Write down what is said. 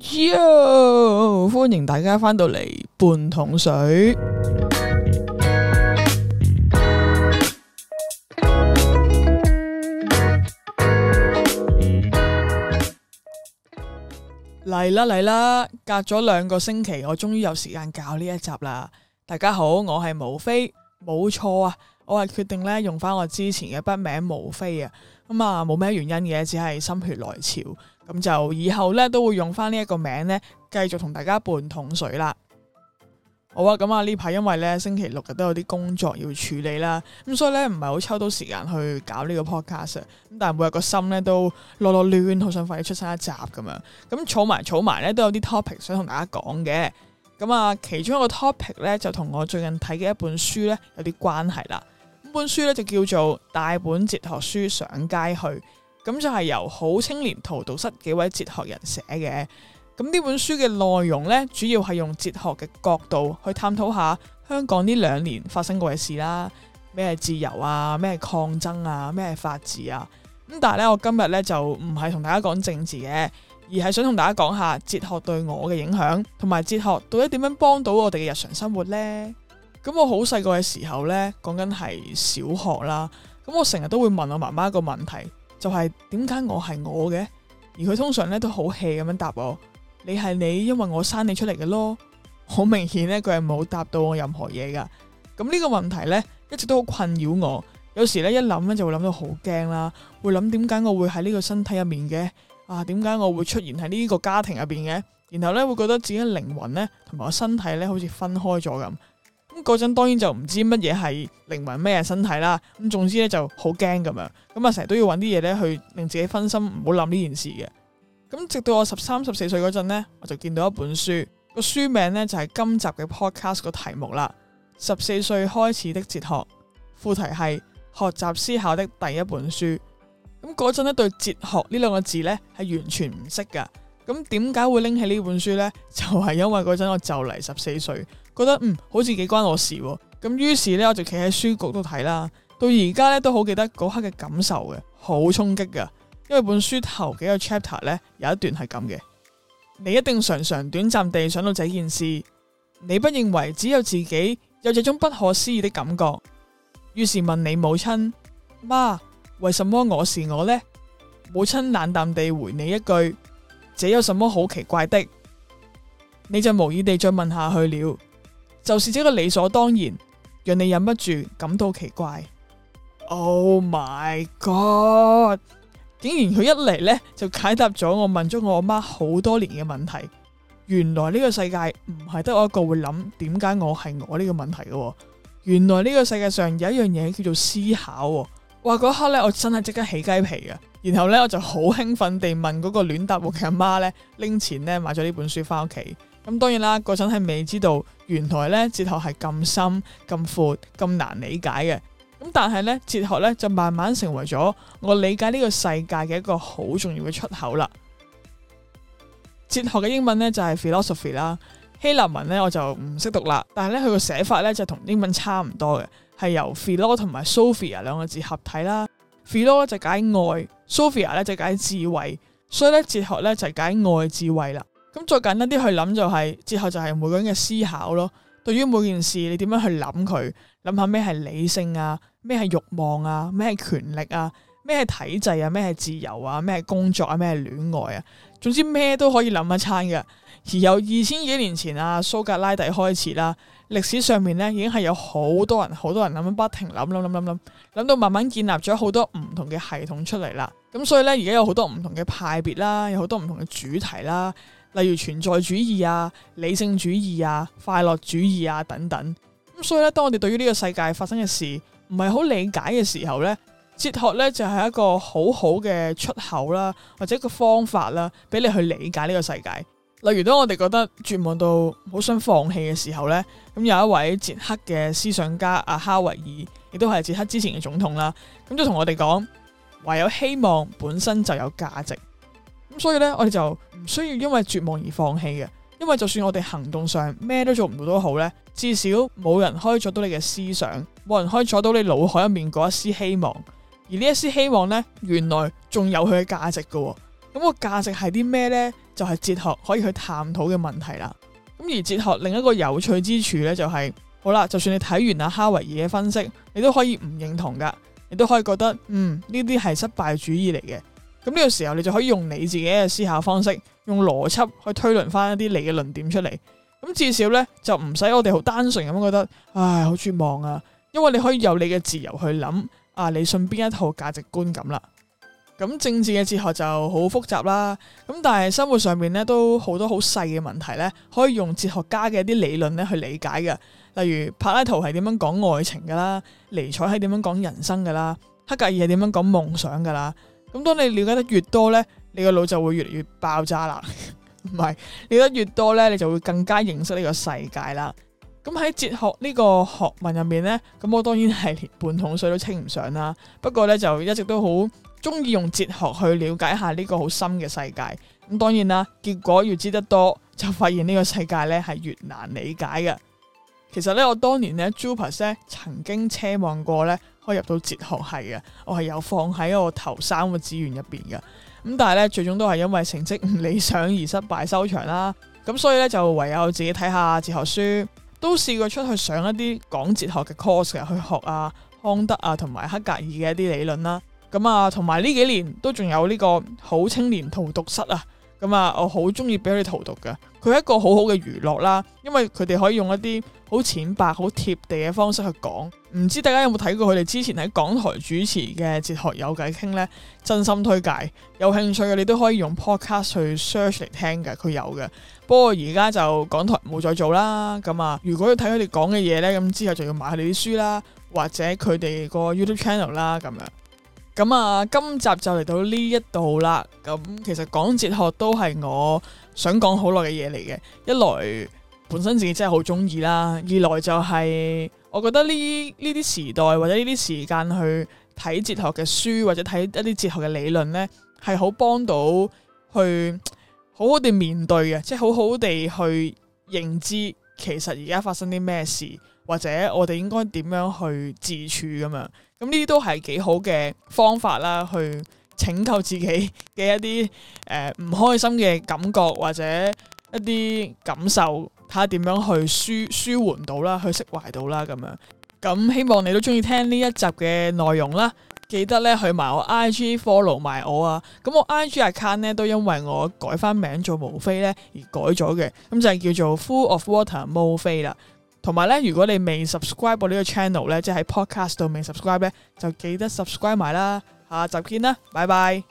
Yo，歡迎大家翻到嚟半桶水。嚟啦嚟啦，隔咗兩個星期，我終於有時間搞呢一集啦。大家好，我係毛飛，冇錯啊，我係決定咧用翻我之前嘅筆名毛飛啊，咁啊冇咩原因嘅，只係心血來潮。咁就以後咧都會用翻呢一個名咧，繼續同大家半桶水啦。好啊，咁啊呢排因為咧星期六日都有啲工作要處理啦，咁所以咧唔係好抽到時間去搞呢個 podcast。咁但係每日個心咧都囉囉攣，好想快啲出新一集咁樣。咁儲埋儲埋咧都有啲 topic 想同大家講嘅。咁啊，其中一個 topic 咧就同我最近睇嘅一本書咧有啲關係啦。咁本書咧就叫做《帶本哲學書上街去》。咁就係由好青年荼毒室幾位哲學人寫嘅。咁呢本書嘅內容呢，主要係用哲學嘅角度去探討下香港呢兩年發生過嘅事啦，咩自由啊，咩抗爭啊，咩法治啊。咁但係呢，我今日呢就唔係同大家講政治嘅，而係想同大家講下哲學對我嘅影響，同埋哲學到底點樣幫到我哋嘅日常生活呢。咁我好細個嘅時候呢，講緊係小學啦。咁我成日都會問我媽媽一個問題。就係點解我係我嘅？而佢通常咧都好 hea 咁樣答我。你係你，因為我生你出嚟嘅咯。好明顯咧，佢係冇答到我任何嘢噶。咁呢個問題咧，一直都好困擾我。有時咧一諗咧就會諗到好驚啦。會諗，點解我會喺呢個身體入面嘅？啊，點解我會出現喺呢個家庭入邊嘅？然後咧會覺得自己嘅靈魂咧同埋我身體咧好似分開咗咁。嗰陣當然就唔知乜嘢係靈魂咩身體啦，咁總之咧就好驚咁樣，咁啊成日都要揾啲嘢咧去令自己分心，唔好諗呢件事嘅。咁直到我十三、十四歲嗰陣呢，我就見到一本書，個書名呢就係今集嘅 podcast 個題目啦。十四歲開始的哲學，副題係學習思考的第一本書。咁嗰陣呢對哲學呢兩個字呢係完全唔識噶咁點解會拎起呢本書呢？就係因為嗰陣我就嚟十四歲。覺得嗯，好似幾關我事喎，啊。咁於是呢，我就企喺書局度睇啦。到而家呢，都好記得嗰刻嘅感受嘅，好衝擊㗎。因為本書頭幾個 chapter 呢，有一段係咁嘅。你一定常常短暫地想到這件事，你不認為只有自己有這種不可思議的感覺？於是問你母親：媽，為什麼我是我呢？」母親冷淡地回你一句：這有什麼好奇怪的？你就無意地再問下去了。就是這個理所當然，讓你忍不住感到奇怪。Oh my God！竟然佢一嚟呢，就解答咗我問咗我阿媽好多年嘅問題。原來呢個世界唔係得我一個會諗點解我係我呢個問題嘅。原來呢個世界上有一樣嘢叫做思考。哇！嗰刻呢，我真係即刻起雞皮呀，然後呢，我就好興奮地問嗰個亂答我嘅阿媽呢，拎錢呢買咗呢本書翻屋企。咁當然啦，嗰陣係未知道，原來咧哲學係咁深，咁闊，咁難理解嘅。咁但係咧，哲學咧就慢慢成為咗我理解呢個世界嘅一個好重要嘅出口啦。哲學嘅英文咧就係 philosophy 啦。希臘文咧我就唔識讀啦，但係咧佢個寫法咧就同英文差唔多嘅，係由 philos 同埋 sophia 兩個字合體啦。philos 就解愛，sophia 咧就解智慧，所以咧哲學咧就解愛智慧啦。咁再簡單一啲去諗就係、是，之後就係每個人嘅思考咯。對於每件事，你點樣去諗佢？諗下咩係理性啊，咩係欲望啊，咩係權力啊，咩係體制啊，咩係自由啊，咩係工作啊，咩係戀愛啊，總之咩都可以諗一餐嘅。而由二千幾年前啊，蘇格拉底開始啦，歷史上面呢已經係有好多人，好多人諗不停諗諗諗諗諗，諗到慢慢建立咗好多唔同嘅系統出嚟啦。咁所以呢，而家有好多唔同嘅派別啦，有好多唔同嘅主題啦。例如存在主義啊、理性主義啊、快樂主義啊等等，咁所以咧，當我哋對於呢個世界發生嘅事唔係好理解嘅時候呢，哲學呢就係一個好好嘅出口啦，或者一個方法啦，俾你去理解呢個世界。例如，當我哋覺得絕望到好想放棄嘅時候呢，咁有一位捷克嘅思想家阿哈維爾，亦都係捷克之前嘅總統啦，咁就同我哋講，唯有希望本身就有價值。咁所以咧，我哋就唔需要因為絕望而放棄嘅，因為就算我哋行動上咩都做唔到都好咧，至少冇人可以阻到你嘅思想，冇人可以阻到你腦海入面嗰一絲希望，而呢一絲希望咧，原來仲有佢嘅價值噶，哦。咁個價值係啲咩咧？就係、是、哲學可以去探討嘅問題啦。咁而哲學另一個有趣之處咧，就是，就係好啦，就算你睇完阿哈維爾嘅分析，你都可以唔認同噶，你都可以覺得嗯呢啲係失敗主義嚟嘅。咁呢個時候，你就可以用你自己嘅思考方式，用邏輯去推論翻一啲你嘅論點出嚟。咁至少呢，就唔使我哋好單純咁覺得，唉，好絕望啊！因為你可以有你嘅自由去諗，啊，你信邊一套價值觀咁啦。咁政治嘅哲學就好複雜啦。咁但係生活上面呢，都好多好細嘅問題呢，可以用哲學家嘅一啲理論呢去理解嘅。例如柏拉圖係點樣講愛情噶啦，尼采係點樣講人生噶啦，黑格爾係點樣講夢想噶啦。咁當你了解得越多呢，你個腦就會越嚟越爆炸啦。唔 係，了解越多呢，你就會更加認識呢個世界啦。咁喺哲學呢個學問入面呢，咁我當然係連半桶水都稱唔上啦。不過呢，就一直都好中意用哲學去了解下呢個好深嘅世界。咁當然啦，結果越知得多，就發現呢個世界呢係越難理解嘅。其實呢，我當年呢，JUPAS 呢，曾經奢望過呢。可以入到哲學系嘅，我係有放喺我頭三個資源入邊嘅，咁但係咧最終都係因為成績唔理想而失敗收場啦，咁所以咧就唯有自己睇下哲學書，都試過出去上一啲講哲學嘅 course 嘅去學啊康德啊同埋黑格爾嘅一啲理論啦，咁啊同埋呢幾年都仲有呢個好青年荼毒室啊，咁啊我好中意俾佢哋荼毒嘅，佢係一個好好嘅娛樂啦，因為佢哋可以用一啲好淺白好貼地嘅方式去講。唔知大家有冇睇過佢哋之前喺港台主持嘅《哲學有偈傾》呢？真心推介。有興趣嘅你都可以用 podcast 去 search 嚟聽嘅，佢有嘅。不過而家就港台冇再做啦。咁啊，如果要睇佢哋講嘅嘢呢，咁之後就要買佢哋啲書啦，或者佢哋個 YouTube channel 啦，咁樣。咁啊，今集就嚟到呢一度啦。咁其實講哲學都係我想講好耐嘅嘢嚟嘅，一來本身自己真係好中意啦，二來就係、是。我覺得呢呢啲時代或者呢啲時間去睇哲學嘅書或者睇一啲哲學嘅理論呢係好幫到去好好地面對嘅，即係好好地去認知其實而家發生啲咩事，或者我哋應該點樣去自處咁樣。咁呢啲都係幾好嘅方法啦，去拯救自己嘅一啲誒唔開心嘅感覺或者一啲感受。睇下點樣去舒緩舒緩到啦，去釋懷到啦咁樣。咁希望你都中意聽呢一集嘅內容啦。記得咧去埋我 IG follow 埋我啊。咁我 IG account 咧都因為我改翻名做毛飛咧而改咗嘅。咁就係叫做 Fool of Water 毛飛啦。同埋咧，如果你未 subscribe 我呢個 channel 咧，即係喺 podcast 度未 subscribe 咧，就記得 subscribe 埋啦。下集見啦，拜拜。